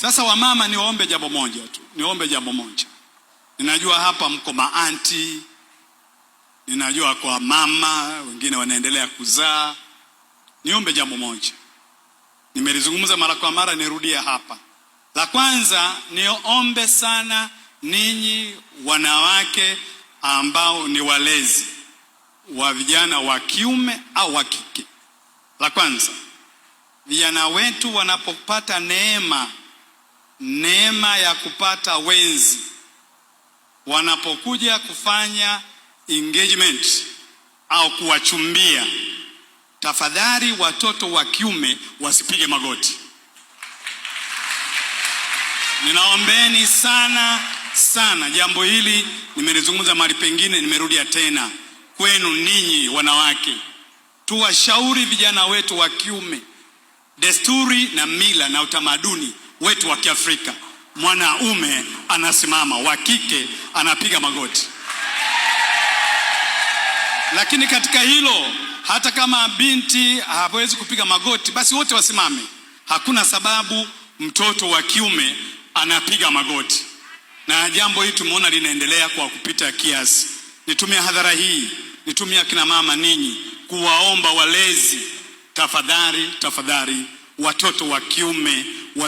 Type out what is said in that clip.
Sasa wamama, niwaombe jambo moja tu, niwaombe jambo moja. Ninajua hapa mko maanti, ninajua kwa mama wengine wanaendelea kuzaa. Niombe jambo moja, nimelizungumza mara kwa mara, nirudia hapa. La kwanza, niombe sana ninyi wanawake ambao ni walezi wa vijana wa kiume au wa kike. La kwanza, vijana wetu wanapopata neema neema ya kupata wenzi wanapokuja kufanya engagement au kuwachumbia, tafadhali watoto wa kiume wasipige magoti. Ninaombeni sana sana, jambo hili nimelizungumza mahali pengine, nimerudia tena kwenu ninyi wanawake, tuwashauri vijana wetu wa kiume desturi na mila na utamaduni wetu wa Kiafrika, mwanaume anasimama, wa kike anapiga magoti. Lakini katika hilo, hata kama binti hawezi kupiga magoti, basi wote wasimame. Hakuna sababu mtoto wa kiume anapiga magoti, na jambo hili tumeona linaendelea kwa kupita kiasi. nitumia hadhara hii, nitumia kina mama ninyi kuwaomba walezi, tafadhali tafadhali, watoto wa kiume